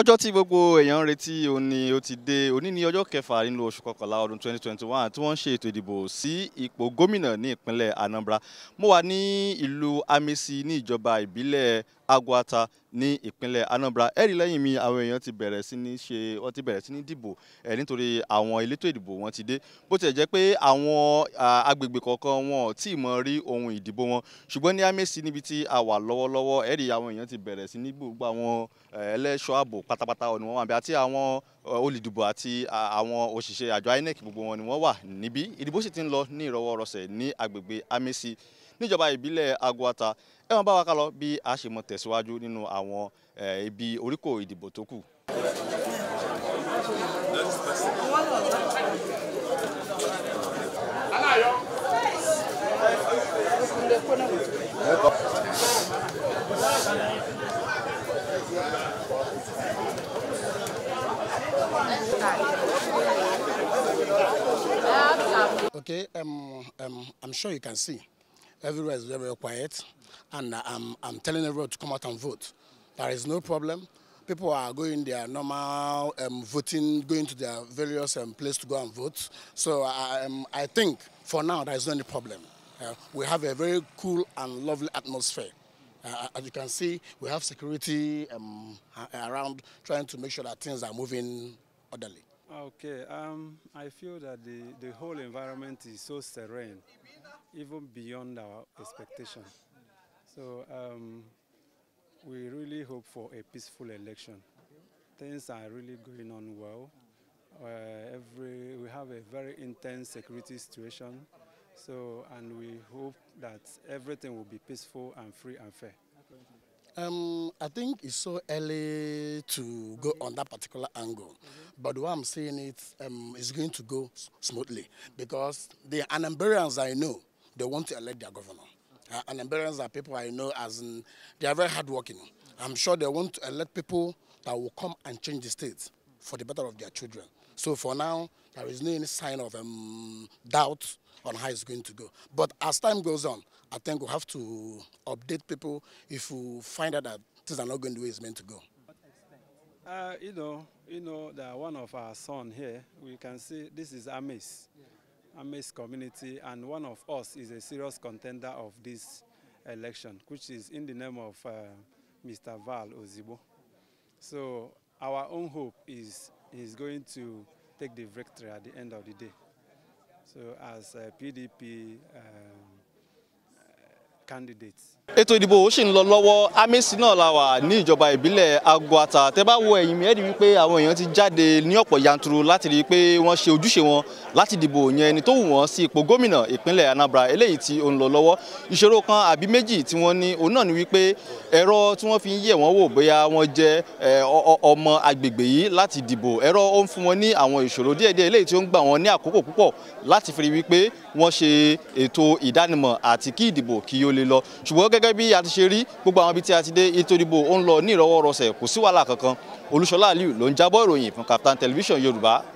ọjọ́ tí gbogbo èèyàn ń retí òun ni ó ti dé òní ní ọjọ́ kẹfà nínú oṣù kọkànlá ọdún 2021 tí wọ́n ń ṣe ètò ìdìbò sí ipò gómìnà ní ìpínlẹ̀ Anambra mo wà ní ìlú Amesi ní ìjọba ìbílẹ̀ Agwata ní ìpínlẹ̀ Anambra ẹ̀rí lẹ́yìn mi àwọn èèyàn ti bẹ̀rẹ̀ sí ní ṣe wọ́n ti bẹ̀rẹ̀ sí ní dìbò ẹ̀ nítorí àwọn elétò ìdìbò wọn ti dé bó tiẹ̀ jẹ́ pé àwọn agbègbè kọ̀ọ̀kan wọn ò tí ì mọ rí ohun ìdìbò wọn ṣùgbọ́n ní amesi níbi tí a wà lọ́wọ́lọ́wọ́ ẹ̀rí àwọn èèyàn ti bẹ̀rẹ̀ sí ní gbogbo àwọn ẹlẹ́ṣọ́ ààbò pátápátá ọ̀nà wọn àbí àti àwọn olùdìbò àti àwọn òṣìṣẹ́ àjọ INEC gbogbo wọn ni wọ́n wà níbí ìdìbò sì ti ń lọ ní ìrọwọ́rọsẹ̀ ní agbègbè amesi níjọba ìbílẹ̀ Aguata ẹ wọn bá wa ká lọ bí a ṣe mọ tẹ̀síwájú nínú àwọn ibi oríkò ìdìbò tó kù. Okay, um, um, I'm sure you can see. Everywhere is very, very quiet. And uh, I'm, I'm telling everyone to come out and vote. There is no problem. People are going their normal um, voting, going to their various um, places to go and vote. So uh, um, I think for now there is no problem. Uh, we have a very cool and lovely atmosphere. Uh, uh as you can see, we have security um, around trying to make sure that things are moving orderly. Okay, um, I feel that the, the whole environment is so serene, even beyond our expectation. So um, we really hope for a peaceful election. Things are really going on well. Uh, every, we have a very intense security situation, so, and we hope that everything will be peaceful and free and fair. Um, I think it's so early to go on that particular angle. Mm -hmm. But what I'm saying um, is, um, it's going to go smoothly because the Anambarians I know, they want to elect their governor. Uh, Anambarians are people I know as in, they are very hardworking. I'm sure they want to elect people that will come and change the state for the better of their children. So for now, there is no any sign of um, doubt on how it's going to go. But as time goes on, I think we have to update people if we find out that things are not going the way it's meant to go. Uh, you know, you know that one of our son here, we can see this is Amis, Amis community, and one of us is a serious contender of this election, which is in the name of uh, Mr. Val Ozibo. So our own hope is he's going to take the victory at the end of the day. So as uh, PDP, um, candidates. ètò ìdìbò ó sì ń lọ lọ́wọ́ amesi náà la wà ní ìjọba ìbílẹ̀ Agwata tẹ bá wo ẹ̀yìn mi ẹ́ rí wípé àwọn èèyàn ti jáde ní ọ̀pọ̀ yanturu láti rí i pé wọ́n ṣe ojúṣe wọn láti dìbò yẹn ẹni tó wù wọ́n sí ipò gómìnà ìpínlẹ̀ Anambra eléyìí tí ó ń lọ lọ́wọ́ ìṣòro kan àbí méjì tí wọ́n ní òun náà ni wípé ẹ̀rọ tí wọ́n fi ń yẹ̀ wọ́n wò bóyá wọ́n jẹ́ ọmọ agbègbè yìí láti dìbò ẹ̀rọ ó ń fún wọn ní àwọn ìṣòro díẹ̀díẹ̀ eléyìí tí ó ń gbà wọ́n ní àkókò púpọ̀ láti fi rí wípé wọ́n ṣe ètò ìdánimọ̀ àti kí ìdìbò kí ó lè lọ ṣùgbọ́n gẹ́gẹ́ bí a ti ṣe rí gbogbo àwọn ibi tí a ti dé ètò ìdìbò ó ń lọ ní ìrọwọ́rọsẹ̀ kò sí wàhálà kankan Olúṣọlá Aliyu ló ń jábọ̀ ìròyìn fún Kaftan Television Yorùbá